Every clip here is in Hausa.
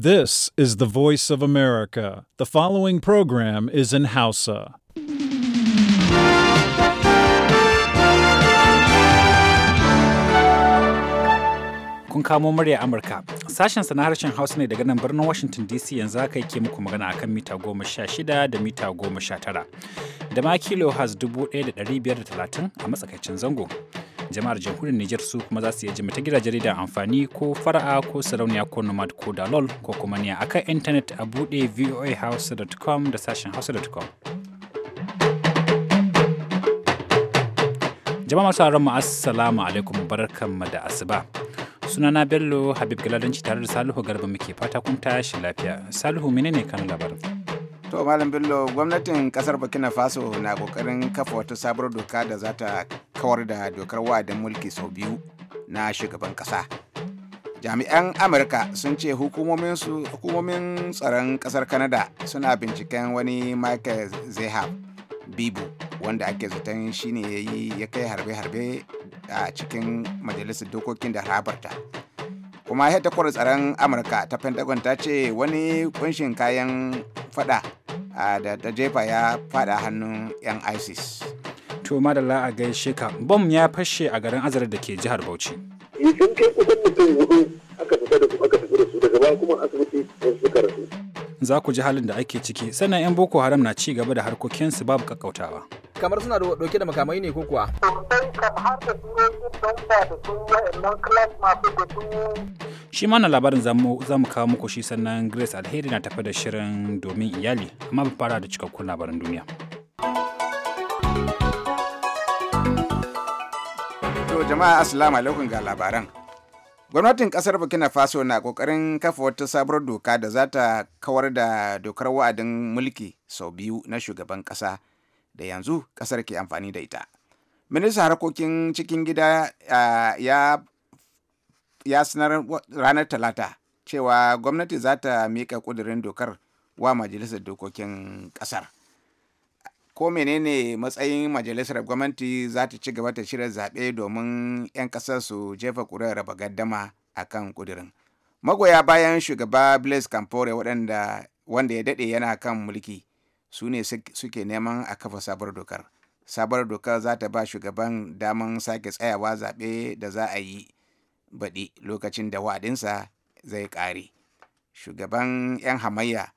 This is the voice of America. The following program is in Hausa. Kun kamo murya Amurka. Sashensa na harshen Hausa ne daga nan birnin Washington DC yanzu haka yake muku magana akan mita goma sha shida da mita goma sha tara. Da ma kilo has dubu ɗaya da ɗari biyar da talatin a matsakaicin zango. jama'ar jamhuriyar Nijar su kuma za su iya jima ta gidajen amfani ko fara'a ko sarauniya ko nomad ko dalol ko kuma ne a kan intanet a buɗe voahouse.com da sashen hausa.com. Jama'a masu mu assalamu alaikum barkanmu da asuba. Sunana Bello Habib Galadanci tare da Salihu Garba muke fata kun tashi lafiya. Salihu menene kan labarin? to malam bello gwamnatin kasar burkina faso na kokarin kafa wata sabuwar doka da za ta kawar da dokar wa'adin mulki sau biyu na shugaban kasa jami'an amurka sun ce hukumomin tsaron kasar kanada suna binciken wani michael zehab bibu wanda ake zaton shine ya yi ya kai harbe-harbe a cikin majalisar dokokin da harabarta kuma headquarter tsaron amurka ta pentagon ta ce wani kunshin kayan fada da jefa ya fada hannun 'yan isis to madalla a gaishe ka bom ya fashe a garin azar da ke jihar bauchi sun kai kusan mutum hudu aka fita da aka gaba kuma asibiti wasu suka rasu. Za ku ji halin da ake ciki sannan 'yan Boko Haram na ci gaba da harkokinsu babu kakkautawa. Kamar suna da dauke da makamai ne ko kuwa? Sosai kan har da turoci da su wa'annan masu da Shi ma labarin za mu kawo muku shi sannan Grace Alheri na tafi da shirin domin iyali amma ba fara da cikakkun labarin duniya. To jama'a assalamu alaikum ga labaran. gwamnatin kasar burkina faso na kokarin kafa wata sabuwar doka da za ta kawar da dokar wa'adin mulki sau biyu na shugaban kasa da yanzu kasar ke amfani da ita ministan harkokin cikin gida ya ya sanar ranar talata cewa gwamnati za ta miƙa ƙudurin dokar wa majalisar dokokin ƙasar. ko menene matsayin majalisar gwamnati za ta ci gaba ta shirya zaɓe domin 'yan ƙasar su jefa ƙuri'ar raba gaddama a kan ƙudurin magoya bayan shugaba blaise campore waɗanda wanda ya daɗe yana kan mulki su ne suke neman a kafa sabuwar dokar sabuwar dokar za ta ba shugaban daman sake tsayawa zaɓe da za a yi baɗi lokacin da wa'adinsa zai ƙare shugaban 'yan hamayya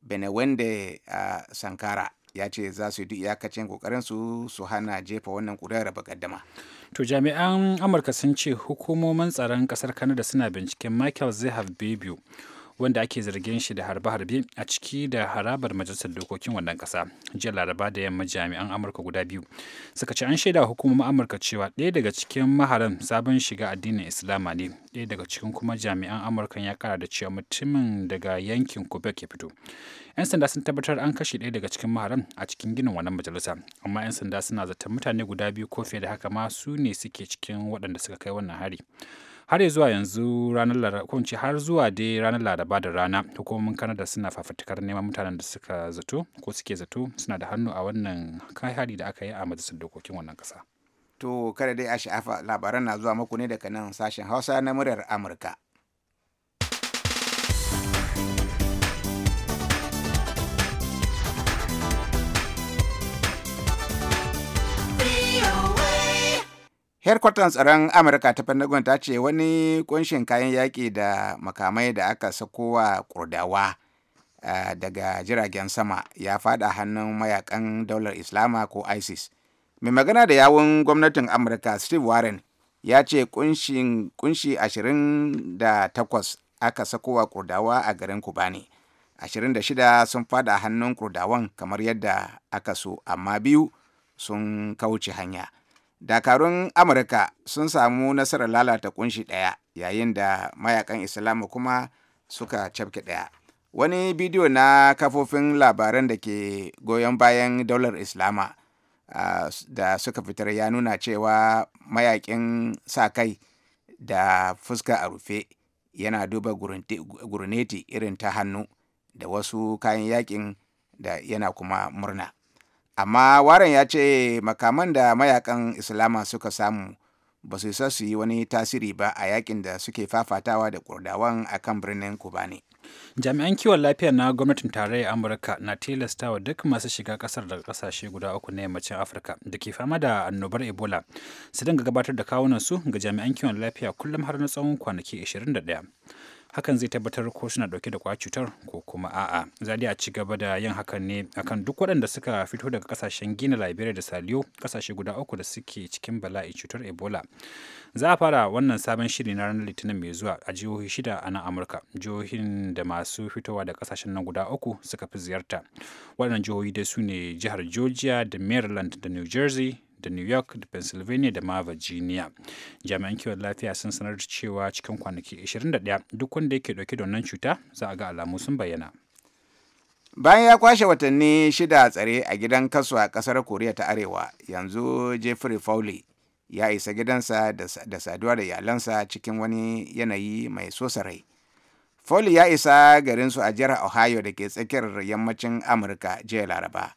benewende a sankara ya ce za su yi iyakacin kokarin su su hana jefa wannan ƙuri'ar bakaddama. To jami'an Amurka sun ce hukumomin tsaron ƙasar Canada suna binciken Michael Zehaf Bebiu wanda ake zargin shi da harbe-harbe a ciki da harabar majalisar dokokin wannan kasa jiya laraba da yamma jami'an amurka guda biyu suka ci an shaida hukumar amurka cewa ɗaya daga cikin maharan sabon shiga addinin islama ne ɗaya daga cikin kuma jami'an amurka ya kara da cewa mutumin daga yankin quebec ya fito 'yan sanda sun tabbatar an kashe ɗaya daga cikin maharan a cikin ginin wannan majalisa amma 'yan sanda suna zaton mutane guda biyu ko fiye da haka ma su ne suke cikin waɗanda suka kai wannan hari har zuwa yanzu ranar laraba ce har zuwa dai ranar laraba da rana hukumomin kanada suna fafatakar neman mutanen da suka zato ko suke zato suna da hannu a wannan kai hari da aka yi a majalisar dokokin wannan kasa to kada dai a sha'afa labaran na zuwa muku ne daga nan sashen hausa na muryar amurka headquarters tsaron Amurka ta Pentagon ta ce wani kunshin kayan yaƙi da makamai da aka sakowa kurdawa eh, daga jiragen sama ya fada hannun mayakan daular Islama ko ISIS. Mai magana da yawun gwamnatin Amurka Steve Warren ya ce kunshi ashirin da aka sakowa kurdawa a garin Kubani. Ashirin sun fada hannun kurdawan kamar yadda aka so amma biyu sun kauce hanya. dakarun amurka sun samu nasarar lalata kunshi ɗaya yayin da mayakan islamu kuma suka cafke ɗaya wani bidiyo na kafofin labaran da ke goyon bayan daular islama uh, da suka fitar ya nuna cewa mayakin sa kai da fuska a rufe yana duba gurneti irin ta hannu da wasu kayan yakin da yana kuma murna amma warren ya ce makaman da mayakan islama suka samu ba su isa su yi wani tasiri ba a yakin da suke fafatawa da kurdawan a kan birnin kubani jami'an kiwon lafiya na gwamnatin tarayyar amurka na tilastawa duk masu shiga kasar daga kasashe guda uku na yammacin afirka da ke fama da annobar ebola su dinga gabatar da kawunan su ga jami'an kiwon lafiya kullum har na tsawon kwanaki 21 hakan zai tabbatar ko suna dauke da kwayar cutar ko kuma a'a za a ci gaba da yin hakan ne akan duk waɗanda suka fito daga kasashen gina liberia da saliyo kasashe guda uku da suke cikin bala'i cutar ebola za a fara wannan sabon shiri na ranar litinin mai zuwa a jihohi shida a nan amurka jihohin da masu fitowa da kasashen nan guda uku suka fi ziyarta waɗannan jihohi dai su ne jihar georgia da maryland da new jersey da new york da pennsylvania da ma virginia jami'an kiwon lafiya sun sanar da cewa cikin kwanaki 21 duk wanda yake dauke da wannan cuta za a ga alamu sun bayyana bayan ya kwashe watanni shida a tsare a gidan kasu a kasar koriya ta arewa yanzu jeffrey fowley ya isa gidansa da saduwa da iyalansa cikin wani yanayi mai sosa rai fowley ya isa garinsu a jihar ohio da ke tsakiyar yammacin amurka jiya laraba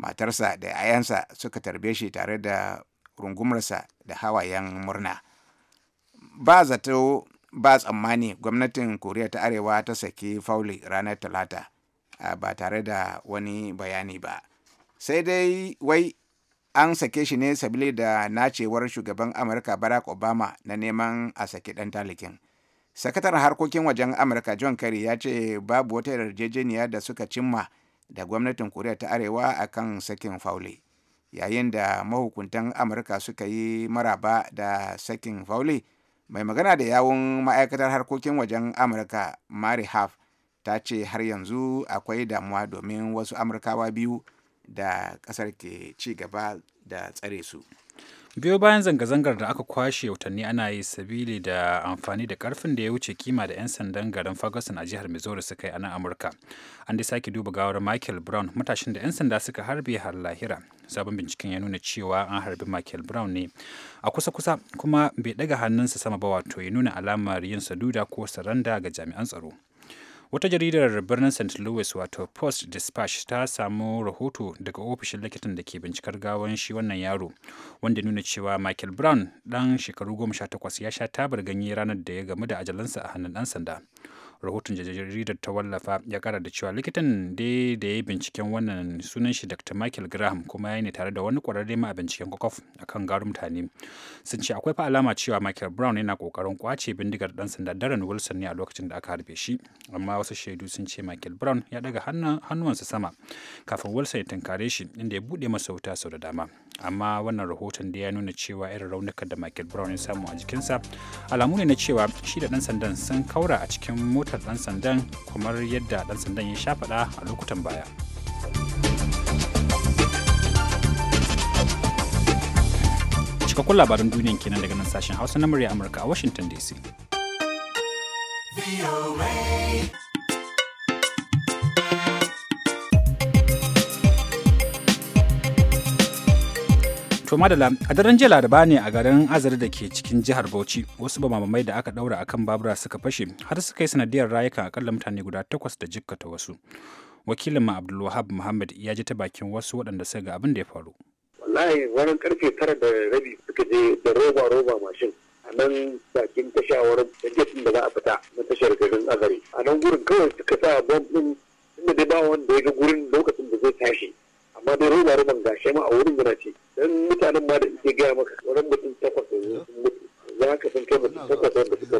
matarsa da 'ya'yansa suka tarbe shi tare da rungumarsa da hawayen murna ba zato ba tsammani gwamnatin koriya ta arewa ta saki fauli ranar talata ba tare da wani bayani ba sai dai wai an sake shi ne sabili da nacewar shugaban amurka barack obama na neman a saki ɗan talikin sakataren harkokin wajen amurka john kerry ya ce babu wata yarjejeniya da suka cimma da gwamnatin koriya ta arewa a kan sakin faule yayin da mahukuntan amurka suka yi maraba da sakin faule mai magana da yawun ma'aikatar harkokin wajen amurka mari haf ta ce har yanzu akwai damuwa domin wasu amurkawa biyu da kasar ke ci gaba da tsare su biyo bayan zanga-zangar da aka kwashe watanni ana yi sabili da amfani da karfin da ya wuce kima da 'yan sandan garin ferguson a jihar missouri suka yi a nan amurka an dai sake duba gawar michael brown matashin da 'yan sanda suka harbe har lahira sabon binciken ya nuna cewa an harbi michael brown ne a kusa-kusa kuma bai daga hannunsa sama ba wato ya nuna alamar yin saduda ko saranda ga jami'an tsaro wata jaridar birnin st louis wato post dispatch ta samu rahoto daga ofishin likitan da ke bincikar gawan shi wannan yaro wanda nuna cewa michael brown dan shekaru 18 ya sha tabar ganye ranar da ya gamu da ajalansa a hannun dan sanda rahoton jaridar ta wallafa ya kara da cewa likitan dai da ya yi binciken wannan sunan shi dr michael graham kuma ya ne tare da wani kwararre ma a binciken kwakwaf a kan garin mutane sun ce akwai fa alama cewa michael brown yana kokarin kwace bindigar dan sanda darren wilson ne a lokacin da aka harbe shi amma wasu shaidu sun ce michael brown ya daga hannuwansa sama kafin wilson ya tunkare shi inda ya bude masa wuta sau da dama amma wannan rahoton da ya nuna cewa irin raunukan da michael brown ya samu a jikinsa alamu ne na cewa shi da dan sandan sun kaura a cikin mota mallakar ɗan sandan kamar yadda ɗan sandan ya sha faɗa a lokutan baya. cikakkun labarin duniyan kenan daga nan sashen hausa na murya amurka a washington dc. To madala a daren jiya laraba ne a garin Azare da ke cikin jihar Bauchi wasu bamamai da aka daura akan babura suka fashe har suka yi sanadiyar rayuka akalla mutane guda takwas da jikkata wasu. Wakilin ma Abdulwahab Muhammad ya ji ta bakin wasu waɗanda suka ga abin da ya faru. Wallahi wani karfe tara da rabi suka je da roba roba mashin a nan bakin tashawar da da za a fita na tashar garin Azare. A nan gurin kawai suka sa bom ɗin inda dai ba wanda ya ga gurin lokacin da zai tashi. amma dai roba roban shi ma a wurin yana ce dan mutanen ma da suke gaya maka wannan mutum takwas yanzu za ka san kai mutum takwas wanda suka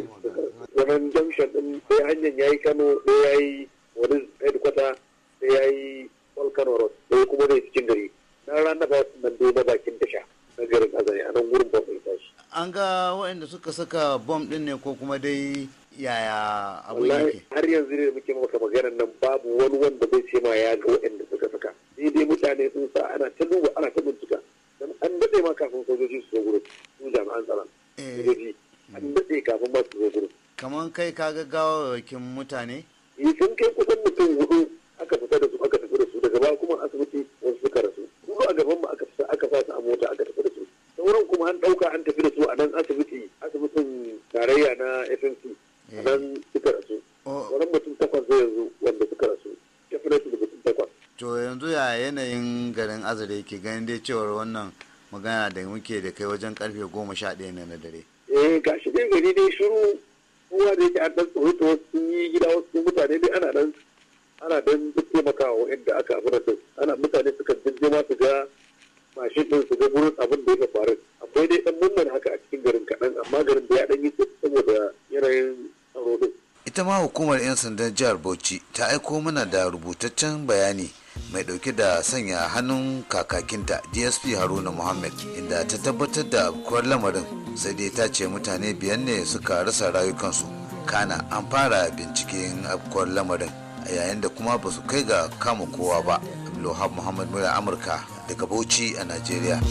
wannan junction din sai hanyar yayi Kano sai yayi wani headquarter sai yayi Kano Road sai kuma dai cikin gari na ranar ba nan dai da bakin tasha na garin Azare a nan gurin ba an ga waɗanda suka saka bom ɗin ne ko kuma dai yaya abu yake har yanzu ne muke maka maganar nan babu wani wanda bai ce ma ya ga waɗanda suka saka sai dai mutane sun sa ana ta dubu ana ta bincika dan an daɗe ma kafin sojoji su zo gurin su jami'an tsaron eh. sojoji an daɗe kafin ba su zo gurin kamar kai ka gaggawa wakin mutane eh, sun kai kusan mutum hudu aka fita da su aka tafi da su daga baya kuma asibiti wasu suka rasu kuma a gaban mu aka fita aka sa su a mota aka tafi da su sauran kuma an ɗauka an tafi da su a nan asibiti asibitin tarayya na fmc a nan eh. ya yanayin garin azare ke ganin dai cewar wannan magana da muke da kai wajen karfe goma sha ɗaya na dare. eh ga shi dai gari dai shiru kowa da yake an dan tsoro ta wasu yi gida wasu mutane dai ana dan ana dan taimakawa yadda aka abu da su ana mutane suka ma su ga mashin din su ga gurin abin da ya faru akwai dai ɗan murnar haka a cikin garin kaɗan amma garin da ya ɗan yi saboda yanayin tsaro ita ma hukumar 'yan sandan jihar bauchi ta aiko mana da rubutaccen bayani dauke da sanya hannun kakakinta dsp haruna muhammad inda ta tabbatar da abkuwar lamarin sai dai ta ce mutane biyan ne suka rasa rayukansu kana an fara binciken abkuwar lamarin a yayin da kuma ba su kai ga kama kowa ba abdulwahab muhammad mura amurka daga bauchi a nigeria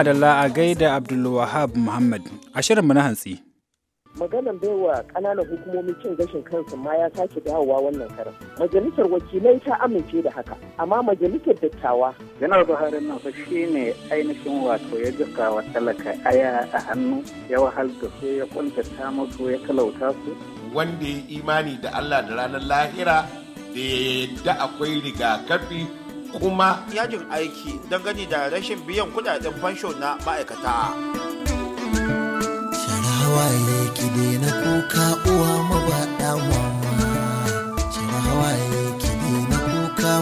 Madalla a gaida Abdulwahab Muhammad a shirinmu na hantsi. Maganan baiwa ƙananan hukumomin cin gashin kansu ma ya sake dawowa wannan karin Majalisar wakilai ta amince da haka, amma majalisar dattawa. Janar Buhari na fa shi ne ainihin wato ya jika wa talaka aya a hannu ya wahal da su ya ta musu ya talauta su. Wanda ya imani da Allah da ranar lahira da ya yadda akwai rigakafi kuma yajin aiki don gani da rashin biyan kudaden fansho na ma'aikata. Sharawa ya kide na kuka uwa mabaɗa mama. Sharawa ya kide na kuka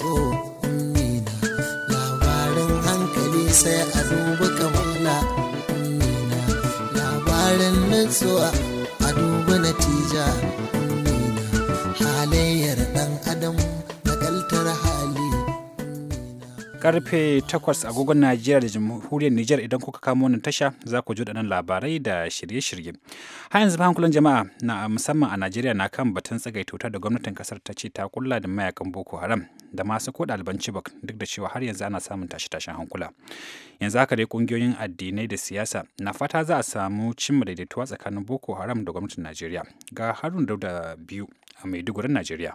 matso nina labarin hankali sai a duba kamala nina labarin nutsuwa a duba natija nina halayyar dan adam kaltar hali karfe 8 agogon Najeriya da Jamhuriyar Nijar idan kuka kamo wannan tasha za ku ji waɗannan labarai da shirye-shirye. Har yanzu hankulan jama'a na musamman a Najeriya na kan batun tsagai wuta da gwamnatin kasar ta ce ta kulla da mayakan Boko Haram da masu ko ɗaliban Chibok duk da cewa har yanzu ana samun tashe-tashen hankula. Yanzu haka dai kungiyoyin addinai da siyasa na fata za a samu cimma daidaituwa tsakanin Boko Haram da gwamnatin Najeriya. Ga Harun da biyu a Maiduguri, Najeriya.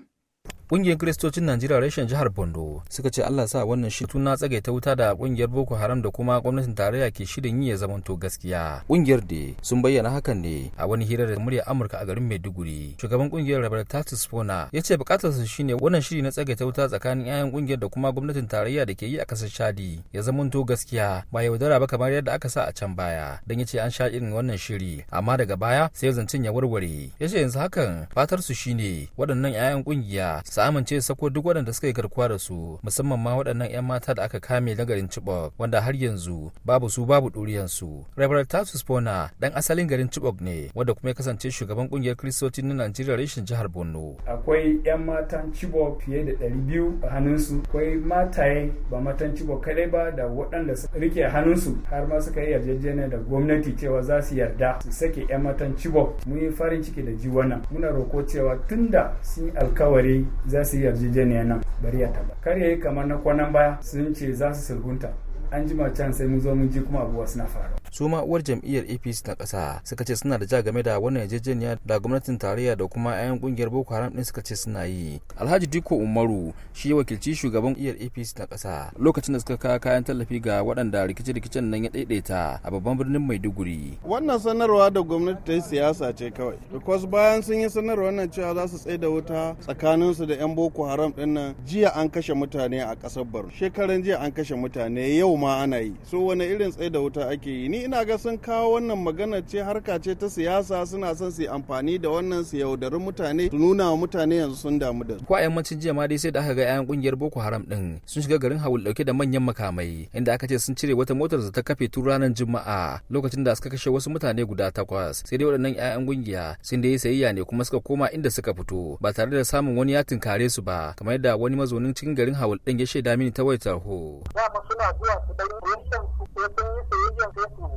Ƙungiyar Kiristocin Najeriya reshen jihar Bondo suka ce Allah sa wannan shi tuna tsagaita wuta da ƙungiyar Boko Haram da kuma gwamnatin tarayya ke shirin yi ya zamanto gaskiya. Ƙungiyar da sun bayyana hakan ne a wani hirar da murya Amurka a garin Maiduguri. Shugaban ƙungiyar Robert tatus Fona ya ce su shine wannan shiri na tsagaita wuta tsakanin 'ya'yan ƙungiyar da kuma gwamnatin tarayya da ke yi a ƙasar Shadi. ya zamanto gaskiya ba yaudara ba kamar yadda aka sa a can baya. Dan ya ce an sha irin wannan shiri amma daga baya sai zancen ya warware. Ya ce yanzu hakan fatar su shine waɗannan 'ya'yan ƙungiya su amince su sako duk waɗanda suka yi garkuwa da su musamman ma waɗannan 'yan mata da aka kame na garin Chibok wanda har yanzu babu su babu ɗuriyansu. Reverend Tasus Pona ɗan asalin garin Chibok ne wanda kuma ya kasance shugaban ƙungiyar Kiristoci na Najeriya rashin jihar Borno. Akwai 'yan matan Chibok fiye da ɗari biyu a hannunsu. Akwai mataye ba matan Chibok kaɗai ba da waɗanda su rike hannunsu har ma suka yi yarjejeniya da gwamnati cewa za su yarda su sake 'yan matan Chibok. Mun yi farin ciki da ji wannan. Muna roko cewa tunda sun yi alkawari za su yi yarjejeniya nan bari ya taba kar ya yi kamar na kwanan baya sun ce za su sulhunta an jima can sai mun zo mun ji kuma abubuwa suna faruwa su ma uwar jam'iyyar apc na ƙasa suka ce suna da ja game da wannan yarjejeniya da gwamnatin tarayya da kuma 'yan kungiyar boko haram din suka ce suna yi alhaji diko umaru shi ya wakilci shugaban iyar apc na ƙasa lokacin da suka kawo kayan tallafi ga waɗanda rikice-rikicen nan ya daidaita a babban birnin maiduguri wannan sanarwa da gwamnati ta yi siyasa ce kawai because bayan sun yi sanarwa nan cewa za su tsaye da wuta tsakaninsu da 'yan boko haram din nan jiya an kashe mutane a kasar borno shekaran jiya an kashe mutane yau ma ana yi so wani irin tsaye da wuta ake yi ni ina ga sun kawo wannan magana ce harka ce ta siyasa suna son su amfani da wannan su yaudari mutane su nuna wa mutane yanzu sun damu da ko a yammacin jiya ma dai sai da aka ga 'ya'yan kungiyar boko haram din sun shiga garin hawul dauke da manyan makamai inda aka ce sun cire wata motar da ta kafe tun ranar juma'a lokacin da suka kashe wasu mutane guda takwas sai dai waɗannan 'ya'yan kungiya sun dai sayayya ne kuma suka koma inda suka fito ba tare da samun wani ya tunkare su ba kamar yadda wani mazaunin cikin garin hawul din ya shaida mini ta wayar tarho. Dama suna zuwa su ɗan yankin su sun yi sai su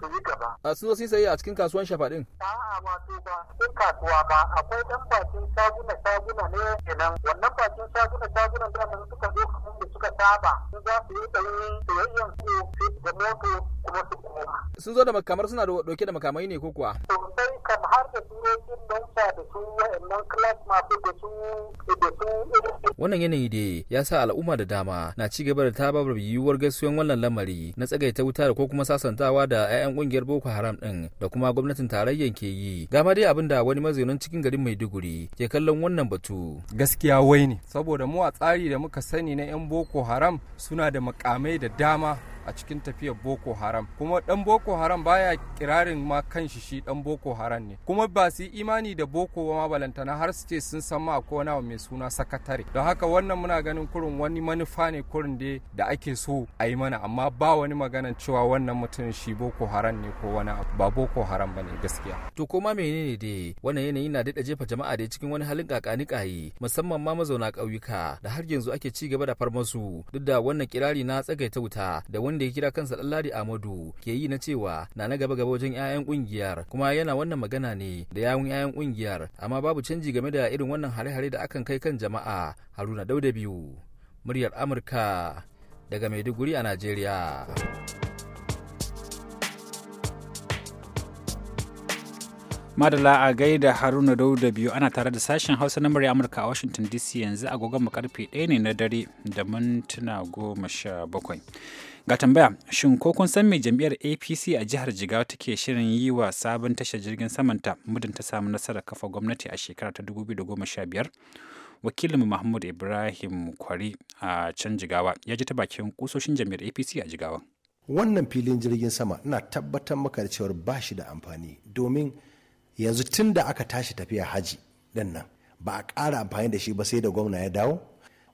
su yi gaba. A su sun sayi a cikin kasuwan shafaɗin? A'a wato ba cikin kasuwa ba akwai ɗan bakin shaguna shaguna ne kenan wannan bakin shaguna shaguna da mun suka zo kamar da suka saba sun za su yi ɗauyin soyayyen su da moto kuma su koma. Sun zo da makamar suna ɗauke da makamai ne ko kuwa? wannan yanayi da ya sa al'umma da dama na ci gaba da tababar yiwuwar gaskiyan wannan lamari na tsagaita wuta da ko kuma sasantawa da 'ya'yan kungiyar boko haram din da kuma gwamnatin tarayyar ke yi gama dai abinda da wani mazaunin cikin garin maiduguri ke kallon wannan batu gaskiya wai ne saboda mu a tsari da muka sani na 'yan boko haram suna da makamai da dama a cikin tafiyar boko haram kuma dan boko haram baya kirarin ma kanshi shi dan boko haram ne kuma ba su imani da boko ma balantana har su ce sun san ma ko wani mai suna sakatare don haka wannan muna ganin kurin wani manufa ne kurin da da ake so a yi mana amma ba wani maganan cewa wannan mutum shi boko haram ne ko wani ba boko haram bane gaskiya to kuma menene da wannan yanayi na daɗa jefa jama'a da cikin wani halin kakanikayi musamman ma mazauna ƙauyuka da har yanzu ake ci gaba da farmasu duk da wannan kirari na tsagaita wuta da wani da ya kira kansa Ɗanladi Amadu ke yi na cewa na na gaba gaba wajen 'ya'yan kungiyar kuma yana wannan magana ne da yawun 'ya'yan kungiyar amma babu canji game da irin wannan hare-hare da akan kai kan jama'a Haruna Dauda biyu muryar Amurka daga Maiduguri a Najeriya. madala a gaida haruna dauda biyu ana tare da sashen hausa na murya amurka a washington dc yanzu agogon mu karfe 1 ne na dare da mintuna goma sha bakwai Ga tambaya, shin ko kun san me jam'iyyar APC a jihar Jigawa take shirin yi wa sabon tashar jirgin samanta mudin ta samu nasarar kafa gwamnati a shekara ta 2015? wakilin Mahmud Ibrahim Kwari a can Jigawa ya ji ta bakin kusoshin jam'iyyar APC a Jigawa. Wannan filin jirgin sama ina tabbatar maka da cewar ba shi da amfani domin yanzu tun da aka tashi tafiya haji din nan ba a ƙara amfani da shi ba sai da gwamna ya dawo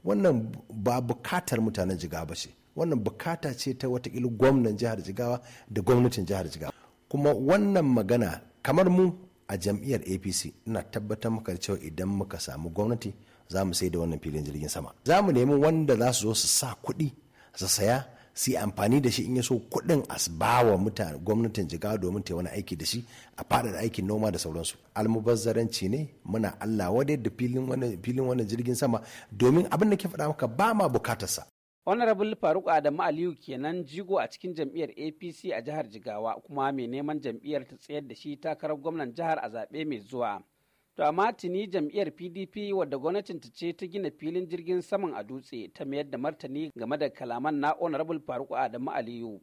wannan ba bukatar mutanen jiga ba ce wannan bukata ce ta watakila gwamnan jihar jigawa da gwamnatin jihar jigawa kuma wannan magana kamar mu a jam'iyyar apc ina tabbatar maka da cewa idan muka samu gwamnati za mu sai da wannan filin jirgin sama za mu nemi wanda za su zo su sa kuɗi su saya su yi amfani da shi in ya so kuɗin a bawa mutane gwamnatin jigawa domin ta wani aiki da shi a faɗaɗa aikin noma da sauransu almubazzaranci ne muna allah wadai da filin wannan jirgin sama domin abin da ke faɗa maka ba ma bukatarsa honorable faruk adamu aliyu kenan jigo a cikin jam'iyyar apc a jihar jigawa kuma mai neman jam'iyyar ta tsayar da shi takarar gwamnan jihar a zaɓe mai zuwa to amma tuni jam'iyyar pdp wadda gwamnatin ta ce ta gina filin jirgin saman a dutse ta mayar da martani game da kalaman na honorable faruk adamu aliyu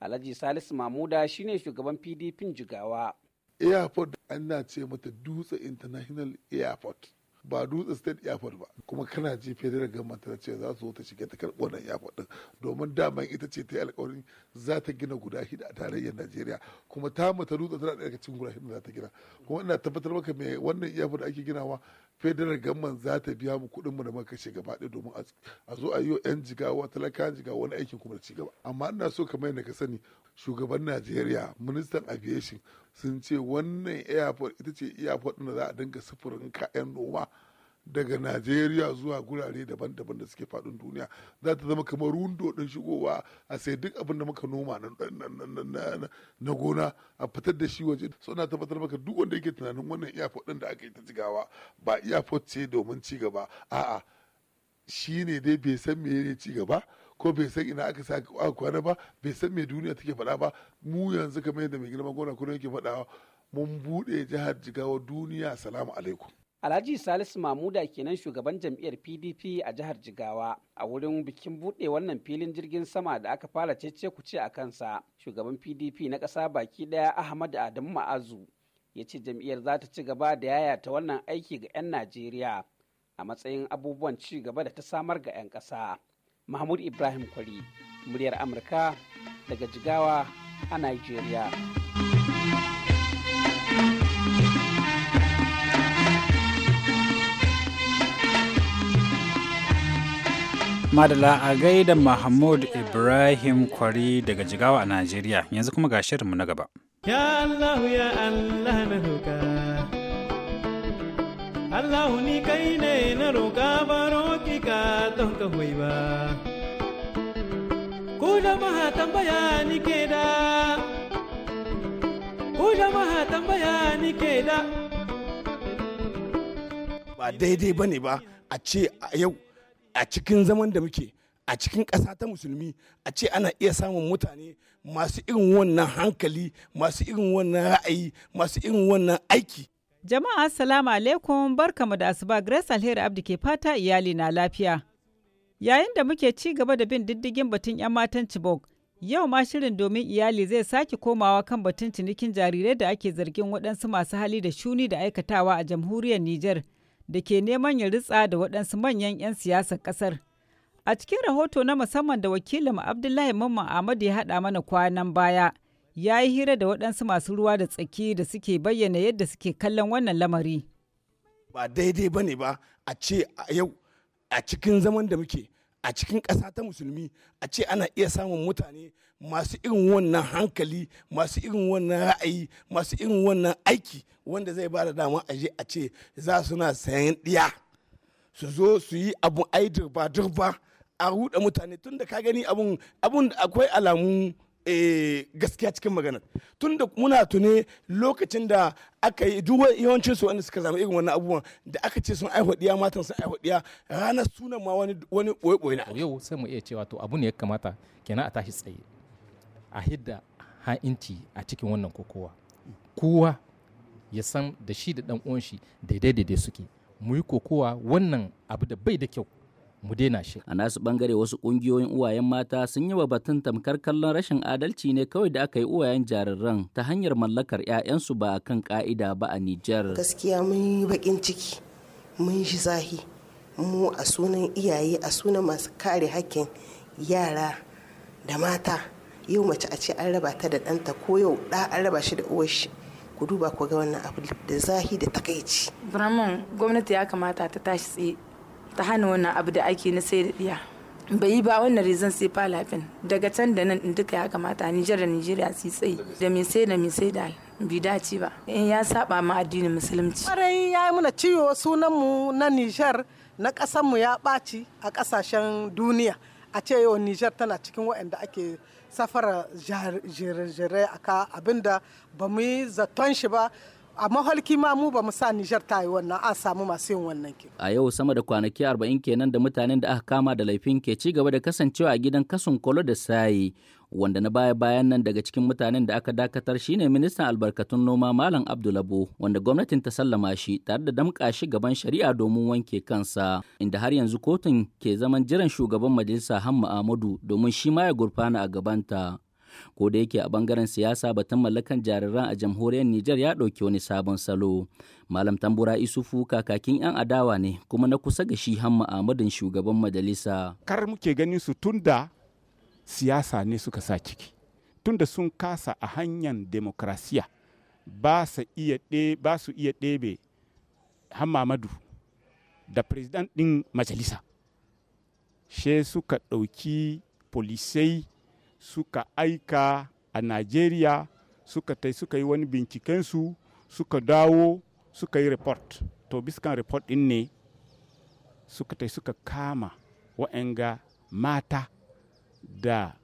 alhaji salisu mamuda shine shugaban pdp jigawa airport ana ce mata dutse international airport ba dutse state airport ba kuma kana ji federal gama ta ce za su zo ta shiga ta karɓo nan airport din domin daman ita ce ta yi alƙawarin za ta gina guda shida a tarayyar najeriya kuma ta mata dutse tana daga cikin guda shida za ta gina kuma ina tabbatar maka me wannan airport da ake ginawa federal government za ta biya mu kuɗin mu da muka kashe gaba ɗaya domin a zo a yi wa 'yan jigawa talakan jigawa wani aikin kuma da ci gaba amma ina so kamar yadda ka sani shugaban najeriya ministan aviation sun ce wannan airport ita ce airport da za a dinga sufurin kayan noma daga najeriya zuwa gurare daban-daban da suke faɗin duniya za ta zama kamar rundo ɗin shigowa a sai duk abin da muka noma na gona a fitar da shi waje suna tabbatar maka duk wanda yake tunanin wannan airport ɗin da aka yi ta jigawa ba iyafot ce domin ci a'a shi ne dai bai san me ci cigaba. ko bai san ina aka sa a kwana ba bai san me duniya take faɗa ba mu yanzu kamar yadda mai girma gona kuma yake faɗawa mun buɗe jihar jigawa duniya salamu alaikum Alhaji Salisu Mamuda kenan shugaban jam'iyyar PDP a jihar Jigawa a wurin bikin buɗe wannan filin jirgin sama da aka fara cece kuce a kansa. Shugaban PDP na ƙasa baki ɗaya Ahmad Adamu Ma'azu ya ce jam'iyyar za ta ci gaba da yayata wannan aiki ga 'yan Najeriya a matsayin abubuwan ci gaba da ta samar ga 'yan ƙasa. mahmud ibrahim kwari muryar amurka daga jigawa a nigeria madala a gaida mahmud ibrahim kwari daga jigawa a najeriya yanzu kuma ga shirinmu na gaba ya allah ya allah na hukar. Allah ni kai ne na roƙa baro ki ka don ka hoyi ba. Ku jama'a tambaya ni ke da, ku jama'a tambaya ni ke da. Ba daidai ba ne ba a ce a yau a cikin zaman da muke a cikin ƙasa ta musulmi a ce ana iya samun mutane masu irin wannan hankali masu irin wannan ra'ayi masu irin wannan aiki Jama'a assalamu alaikum barkamu da asuba Grace Alheri Abdi ke fata iyali na lafiya. Yayin da muke ci gaba da bin diddigin batun 'yan matan Chibok, yau ma shirin domin iyali zai sake komawa kan batun cinikin jarirai da ake zargin waɗansu masu hali da shuni da aikatawa a jamhuriyar Nijar da ke neman ya ritsa da waɗansu manyan 'yan siyasar ƙasar. A cikin rahoto na musamman da wakilin Abdullahi Mamman Ahmad ya haɗa mana kwanan baya. ya yi hira da waɗansu masu ruwa da tsaki da suke bayyana yadda suke kallon wannan lamari. Ba daidai ba ne ba a ce a yau a cikin zaman da muke a cikin ƙasa ta musulmi a ce ana iya samun mutane masu irin wannan hankali masu irin wannan ra'ayi masu irin wannan aiki wanda zai ba da dama a je a ce za su na sayan ɗiya su zo su yi abu ai durba durba a ruɗa mutane tun da ka gani abun akwai alamu Eh, gaskiya cikin magana tun da muna tuni lokacin da aka yi duk yawancin su wanda suka zama irin wannan abubuwan da aka ce sun aihuwa diya matan sun aihuwa diya ranar sunan ma wani wani boye boye na yau sai mu iya cewa to abu ne ya kamata kenan a tashi tsaye a hidda ha'inci a cikin wannan kokowa kowa ya san da shi da dan uwan shi daidai daidai suke mu yi kokowa wannan abu da bai da kyau mu daina shi a nasu bangare wasu kungiyoyin uwayen mata sun yi wa batun tamkar kallon rashin adalci ne kawai da aka yi uwayen jariran ta hanyar mallakar 'ya'yansu ba a kan ka'ida ba a Nijar. gaskiya mun yi bakin ciki mun shi zahi mu a sunan iyaye a sunan masu kare hakkin yara da mata yau mace a ce an raba ta da ɗanta ko yau ɗa an raba shi da uwar shi ku duba ku ga wannan abu da zahi da takaici. Brahman gwamnati ya kamata ta tashi tsaye ta hana wannan abu da ake na sai da bai yi ba wannan reason sai fin daga can da nan duka ya kamata Nijar da Nijeriya su tsaye da mai sai da mai sai da bi dace ba in ya saba ma addinin musulunci kwarai ya yi muna ciwo sunanmu na Nijar na mu ya ɓaci a kasashen duniya a ce yau Nijar tana cikin waɗanda ake safara jire-jire a ka abinda ba mu yi zaton shi ba a mahalki ma mu ba mu sa Nijar ta yi wannan a samu masu yin wannan ke. A yau sama da kwanaki arba'in kenan da mutanen da aka kama da laifin ke ci gaba da kasancewa a gidan kasun kolo da sayi wanda na baya bayan nan daga cikin mutanen da aka dakatar shine ministan albarkatun noma Malam Abdulabo wanda gwamnatin ta sallama shi tare da damƙa shi gaban shari'a domin wanke kansa inda har yanzu kotun ke zaman jiran shugaban majalisa Hamma Ahmadu domin shi ma ya gurfana a gabanta. ko da yake a bangaren siyasa batun mallakan jariran a jamhuriyar Nijar ya ɗauki wani sabon salo. Malam Tambura Isufu kakakin 'yan adawa ne kuma na kusa ga shi hamma Ahmadin shugaban majalisa. Kar muke ganin su tunda siyasa ne suka sa ciki. Tunda sun kasa a hanyar demokrasiya ba su iya ɗebe madu da president ɗin majalisa. She suka ɗauki polisai suka aika a Najeriya suka tai suka yi wani bincikensu suka dawo suka yi report to biskan report din ne suka tai suka kama wa'anga mata da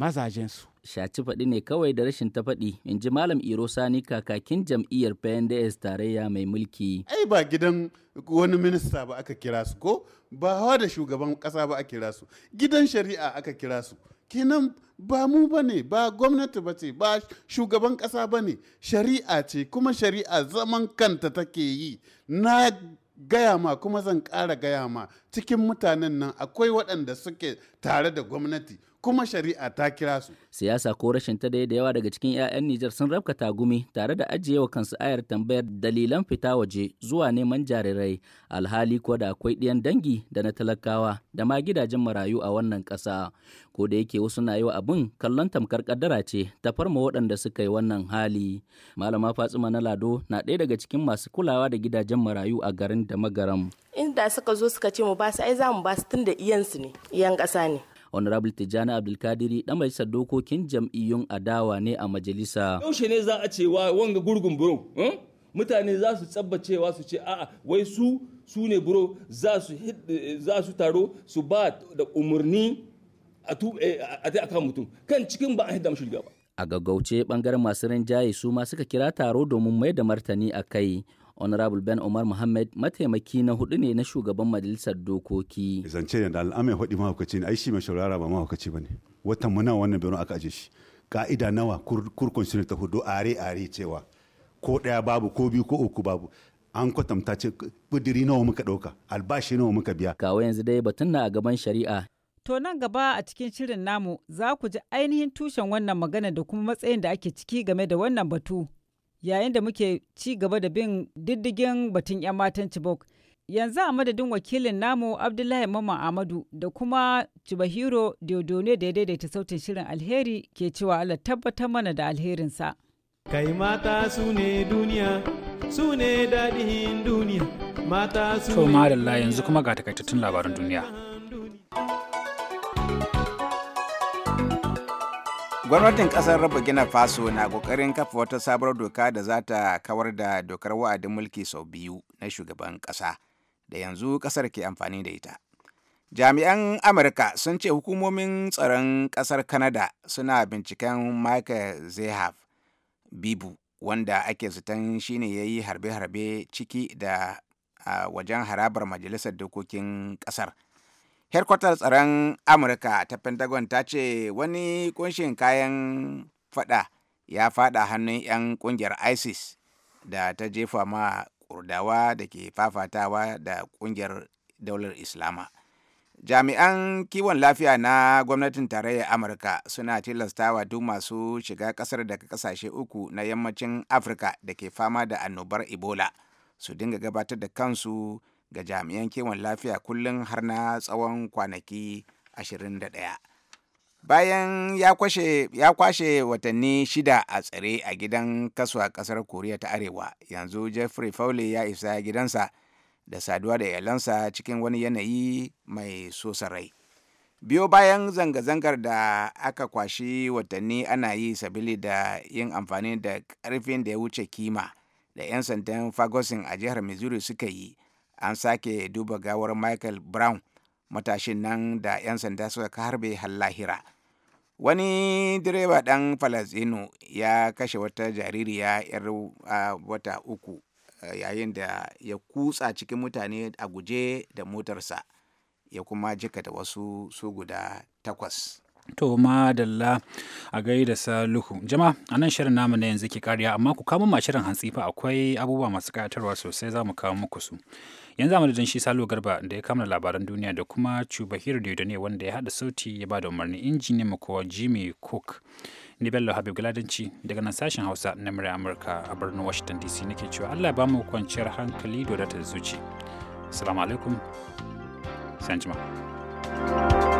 mazajensu shaci faɗi ne kawai da rashin ta faɗi in ji malam iro sani kakakin jam'iyyar pnds tarayya mai mulki ai ba gidan wani minista ba aka kira su ko ba hawa da shugaban ƙasa ba aka kira su gidan shari'a aka kira su kenan ba mu ba ne ba gwamnati ba ce ba shugaban ƙasa ba ne shari'a ce kuma shari'a zaman kanta take yi na gaya ma kuma zan ƙara gaya ma cikin mutanen nan akwai waɗanda suke tare da gwamnati kuma shari'a ta kira su. Siyasa ko rashin ta da yawa daga cikin 'ya'yan Nijar sun rabka tagumi tare da ajiye wa kansu ayar tambayar dalilan fita waje zuwa neman jarirai alhali ko da akwai ɗiyan dangi da na talakawa da ma gidajen marayu a wannan ƙasa. Ko da yake wasu na yi wa abin kallon tamkar kaddara ce ta farma waɗanda suka yi wannan hali. Malama Fatsima na Lado na ɗaya daga cikin masu kulawa da gidajen marayu a garin da magaram. Inda suka zo suka ce mu ba su ai za mu ba su tun da iyansu ne iyan ƙasa ne. honorable tijjani abdulkadiri dan majalisar dokokin jam'iyyun adawa ne a majalisa yaushe ne za a ce wa wanga gurgun buro eh? mutane za su tsabbacewa su ce a'a wai su su ne buro za su taro su ba da umarni a ta eh, akan mutum kan cikin ba a hidda mashi ba a gaggauce bangaren masu rinjaye su ma suka kira taro domin mai da martani a kai honorable ben omar muhammad mataimaki na hudu ne na shugaban majalisar dokoki zance ne da al'amai hudu mahaukaci ne ai shi mai shaurara ba mahaukaci ba ne watan muna wannan birnin aka aje shi ka'ida nawa kurkun shi ta hudu are are cewa ko daya babu ko biyu ko uku babu an kwatanta ce kudiri nawa muka dauka albashi nawa muka biya kawo yanzu dai batun na a gaban shari'a To nan gaba a cikin shirin namu za ku ji ainihin tushen wannan magana da kuma matsayin da ake ciki game da wannan batu. yayin da muke ci gaba da bin diddigin batun 'yan matan Chibok. Yanzu a madadin wakilin namu Abdullahi Mama Amadu da kuma Chibahiro Diodone da ya daidaita sautin shirin alheri ke cewa Allah tabbatar mana da alherinsa. Kai mata su ne duniya, su ne daɗin duniya, mata su ne... To, yanzu kuma ga takaitattun labaran duniya. gwamnatin kasar gina faso na kokarin kafa wata sabuwar doka da za ta kawar da dokar wa'adin mulki sau biyu na shugaban kasa da yanzu kasar ke amfani da ita jami'an amurka sun ce hukumomin tsaron kasar kanada suna binciken michael zehaf bibu wanda ake zaton shine ya yi harbe-harbe ciki da a wajen harabar majalisar dokokin kasar. herkwatar tsaron amurka ta pentagon ta ce wani kunshin kayan fada ya fada hannun 'yan kungiyar isis da ta jefa ma kurdawa da ke fafatawa da kungiyar daular islama jami'an kiwon lafiya na gwamnatin tarayyar amurka suna tilastawa duk masu shiga kasar daga kasashe uku na yammacin afirka da ke fama da annobar ebola su dinga gabatar da kansu ga jami'an kiwon lafiya kullum har na tsawon kwanaki 21 bayan ya kwashe watanni shida a tsare a gidan kasuwa a kasar koriya ta arewa yanzu jeffrey fowley ya isa gidansa da saduwa da 'yalansa cikin wani yanayi mai sosarai biyo bayan zanga-zangar da aka kwashi watanni ana yi sabili da yin amfani da karfin da ya wuce kima da 'yan sandan fagosin a jihar missouri suka yi an sake duba gawar michael brown matashin nan da 'yan sanda suka harbe hallahira wani direba ɗan falazinu ya kashe wata jaririya 'yar wata uku yayin da ya kutsa cikin mutane a guje da motarsa ya kuma jikata wasu su guda takwas To madalla a gaida Saluhu. Jama, a nan shirin namu na yanzu ke kariya amma ku ma shirin hantsi akwai abubuwa masu kayatarwa sosai za mu kawo muku su. Yanzu amma da shi Salo Garba da ya kama labaran duniya da kuma da ne wanda ya hada sauti ya ba da umarni injiniyan mu kowa Jimmy Cook. Ni Bello Habib Galadanci daga nan sashen Hausa na murya Amurka a birnin Washington DC nake cewa Allah ba mu kwanciyar hankali da ta zuci. Assalamu alaikum. Sanjima. thank you